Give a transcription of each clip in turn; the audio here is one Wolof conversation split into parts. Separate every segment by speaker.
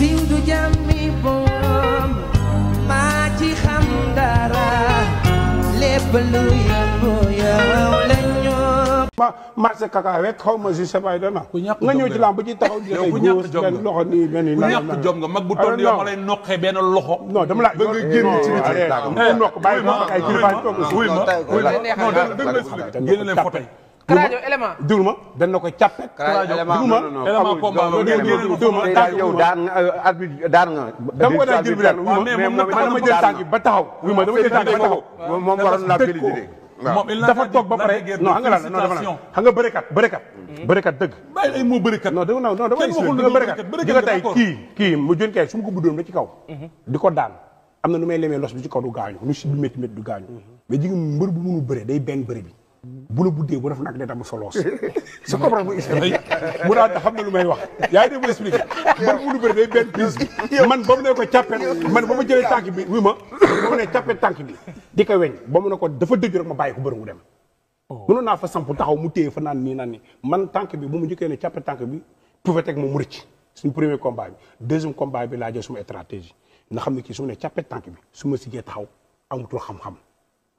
Speaker 1: siiw du boom maa xam dara lépp lu yëngu yow la ñoo. ma marché cacahuète xaw ma si sabay dana. nga ñëw ci lamb ci taxaw di. yow ku ñàkk jom nga loxo nii benn ku ñàkk nga mag bu toll yow ma lay noqee benn loxo. non dama la bëgg a génn ci biir. bàyyi ma bàyyi ma bàyyi ma bàyyi ma bàyyi ma bàyyi ma bàyyi ma bàyyi ma bàyyi ma bàyyi ma bàyyi ma bàyyi ma bàyyi ma bàyyi Karajo élément diwlu ma dañ na ko càppe. Karajo élément non non ma euh, ba taxaw. ma dama jël tànk ba taxaw. moom waroon naa félicité. dafa toog ba pare non xam nga hmm. lan non dafa lan xam nga bërekat bërekat. bërekat dëgg. daan am na nu may lemee los bi ci kaw du gaañu lu si bi métti métti du gaañu hmm. mais ji mbër bu mënu bëre day benn bëre bi bu la buddee bu def nag day dem soloos. su ko mu expliqué mu daan xam na lu may wax yaa ngi dégg mu man mu lu bëri day benn piis man ba mu ne ko càppet man ba ma jëlee tànk bi wi ma ba mu ne bi di ko weñ mu ne ko dafa dëgg rek ma bàyyi ko bëri mu dem oh. mënoon naa fa samp taxaw mu téye fa naan nii naan nii man tànk bi bu mu jëkkee ne càppet tànk bi pouvet teg moom mu rëcc suñu premier combat bi deuxième combat bi laa suma stratégie nga xam ne kii su ma ne càppet tànk bi su ma sigee taxaw amatul xam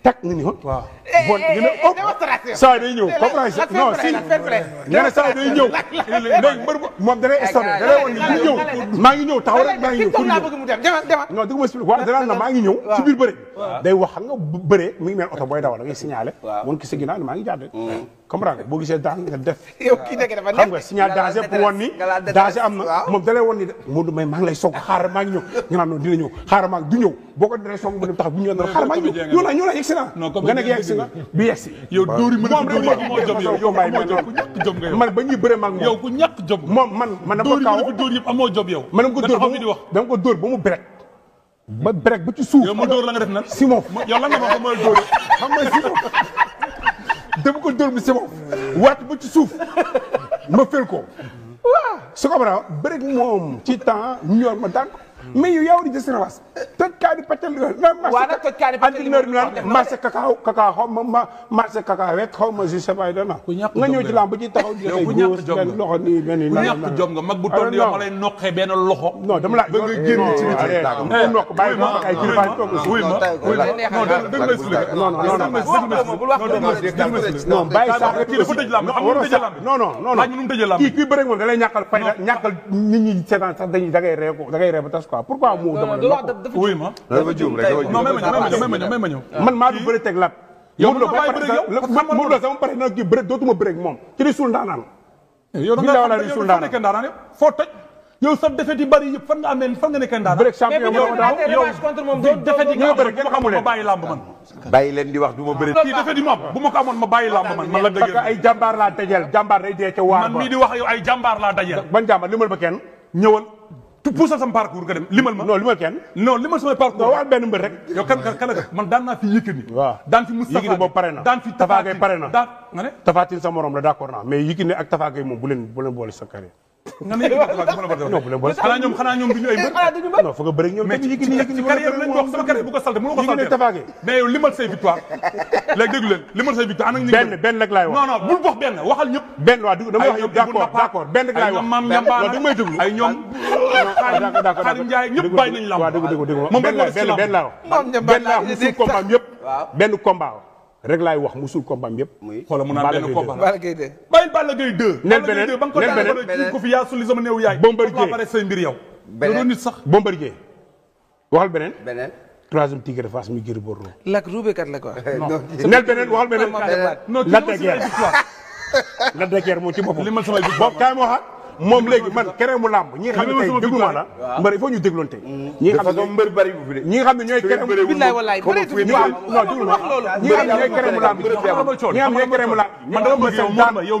Speaker 1: tak nga ni woon. waaw bon nga ne ëpp. saa day ñëw compréhension non si nga ne saa day ñëw. léegi mbër moom da lay stoppé da lay wan ni ñëw maa ngi ñëw taxaw rek maa ngi ñëw pour ñëw. non dëgg ma expliqué waaw danaa na maa ngi ñëw. ci biir bëre. day wax xam nga bëre mi ngi mel oto booy dawal da ngay signalé. waaw woon ki sa ginnaaw maa ngi jàdd. comprendre nga boo gisee daan nga def. yow kii dëgg dafa nekk xam nga signal danger pour woon ni. danger am na moom da lay woon ni de. Modou Mbaye maa ngi lay soog xaaral maa ngi ñëw nga naan noonu dina ñëw xaaral maa ngi du ñëw boo ko dina soog ba dem taxaw bu ñëwee xaaral maa ngi ñëw ñoo la ñoo la yegsi na. non comme nga yegsi na bi yegsi. yow dóor yi mën na fi dóor moo jom yow yow may man man ba ñuy bëre mag moom yow ku ñàkk jom moom man man dama ko kaw dóor yëpp amoo jom yow. man dama ko dóor ba mu dama ko dóor ba mu brek ba brek ba ci suuf. yow ma dóor la nga def nan Simon. yow lan nga ma ko mën a dóor xam nga Simon dama ko dóor mu Simon waat ba ci suuf ma fel ko waaw su ko bara bëri moom ci temps ñor ma daan ko mais yow yaa war a jël seen avance. toj kaani patel la marché. waaw nag toj kaani patel la marché cacao cacao xaw ma marché cacao rek xaw ma je sais pas dana. nga ñëw ci lamb ci taxaw di ay góos benn loxo nii benn. ku ñàkk jom nga mag bu ah, toll yow ma lay noqee benn loxo. non dama la bëgg a génn ci biir. d'accord mu nokk bàyyi ma ay kilifa yi toog aussi. wuy ma wuy ma non dëgg ma expliqué. non non non non non bàyyi sax rek dafa tëj lamb xam nga mu tëj lamb. non non non non kii kii bëri moom da lay ñàkkal fay ñàkkal nit ñi seetaan sax dañuy da ngay ree ko da ngay ree ba tas quoi pourquoi moo dama oui ma dafa juum rek dafa juum non même ñëw même ñëw man maa du bëri teg lat yow do bay bëri yow moom la sama pare na ki bëri dootuma bëri ak moom ci di suul eh, ndaanaan yow da nga di suul ndaanaan nekk ndaanaan foo toj yow sa defet yi bari yëpp fan nga amee fan nga nekk ndaanaan bëri champion yow daaw yow defet yi nga bëri kenn xamul ma lamb man bàyyi leen di wax du ma bëri defet yi ma bu ko amoon ma bàyyi lamb man man la dëgg ay jàmbaar laa dajel jàmbaar day dee ca waar man mii di wax yow ay jàmbaar laa dajel ban jàmbaar limal ba kenn ñëwal tu puusal sama parcours nga limal ma. non limal kenn. non limal sama parcours. waaw waxal benn mbër rek. yow kan kan kan fi Yékini. waaw daan pare na daan fi Tapha pare na. daan nga ne Tapha la d'accord naa mais Yékini ak Tapha Gueye moom bu leen sa carrière. nga ne Yékini sa carrière. xanaa ñoom xanaa ñoom du limal say victoire léegi déglu limal say victoire anak ñu benn benn rek wax non non bul wax benn waxal ñëpp benn waaw dama wax d'accord benn rek laay wax ay xaadim njaay ñëpp bàyyi nañ lamb waaw dëgg dëgg dëgg moom benn benn laa wax benn laa musul combat yëpp benn combat rek laay wax musul combat yëpp xoolal mu naan benn combat Balla Gaye 2 bàyyil Balla Gaye 2 neen beneen ba nga ko daanee ko fi yaa sulli sama néew yaay bombardier pare say mbir yow beneen nit sax bombardier waxal beneen beneen troisième tigre face mi Gris Bordeaux lak ruubekat la quoi neel beneen waxal beneen la de guerre la de guerre moom ci boppam li ma sama bi bopp kaay moo xam moom léegi man keneen mu làmb ñi déglu ma la mbër il faut ñu dégloonte ñi nga xam ne mbër mm. xam ne ñooy keneen mu billaay wallaay bëri tu ñooy keneen mu làmb ñooy keneen mu man dama bëgg yow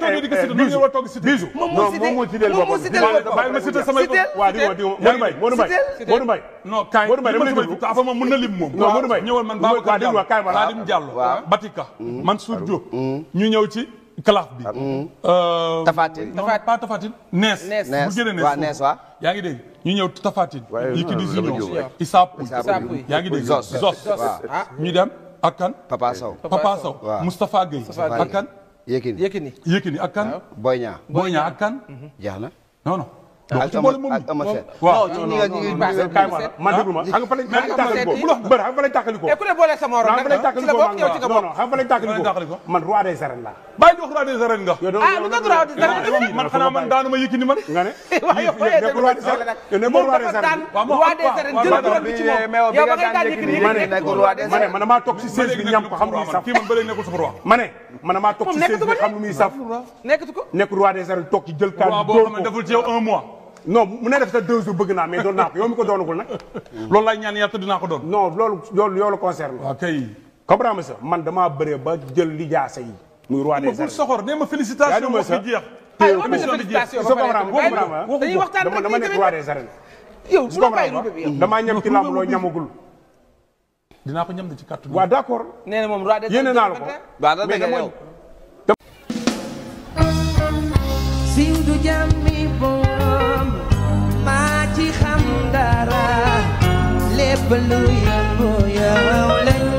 Speaker 1: toogee di ko cité noonu nga war a toog cité bisu moom moo cité moom moo cité bàyyi ma cité samay waaw di di Modou Mbaye Modou Mbaye Modou Mbaye non kaay Modou Mbaye dama lay tafa moom mën na lim moom non Modou Mbaye ñëwal man Babacar Diallo Khadim Diallo Batika mm. Mansour Diop mm. ñu ñëw ci kalaaf bi mm. euh, Tafatine pas Tafatine nees bu gën a nees waaw nees waaw yaa ngi dégg ñu ñëw Tafatine yi ki di Zidon Issa Pouye yaa ngi dégg Zos Zos ah. ñu dem ak kan Papa Sow Papa Sow Moustapha Gueye ak kan Yékini Yékini. Yékini ak kan. Boy Niang Boy Niang ak kan. jeex na non non. ak Ama Sène waaw non non non man déglu ma xam nga fa lañ tàkkalikoo bu lox bëri xam nga fa lañ tàkkalikoo. te ku ne boole sa morom nag ci la bokk yow ci nga bokk. non xam nga fa lañ tàkkalikoo man roi des arènes la. bàyyi di wax roi des arènes nga. ah lu tax roi des arènes man xanaa man daanu ma Yékini man. nga ne yow roi des arènes yow nekk roi des arènes. waaw moom roi des arènes jël doon bi ci moom yow ba ngay daan Yékini Yékini nekk roi des arènes. ma ne ma ne maa toog si siège bi ñam ko xam nga sax kii man ba léegi nekkul sama roi ma ne man maa toog ci seize bi xam lu muy saf. nekk roi des arènes toog jël kàddu. boo xam ne deful ci un mois. non mu ne def sa deux bëgg naa mais doon naa ko yow mi ko doonagul nag. loolu laay ñaan yàlla dinaa ko doon. non loolu loolu yow la concerne. waaw kay. comprends ma sa man damaa bëree ba jël li jaasa yi. muy roi des arènes ma bul soxor nee ma félicitation. wax ah, bi jeex ay on est félicitation ba pare dañuy waxtaan ak kii dinaa ko ñam ne ci kàttu. waaw d' nee na moom roi des yéene naa la ko. waaw da nga yow maa ci xam dara lépp lu yëngu yow lañ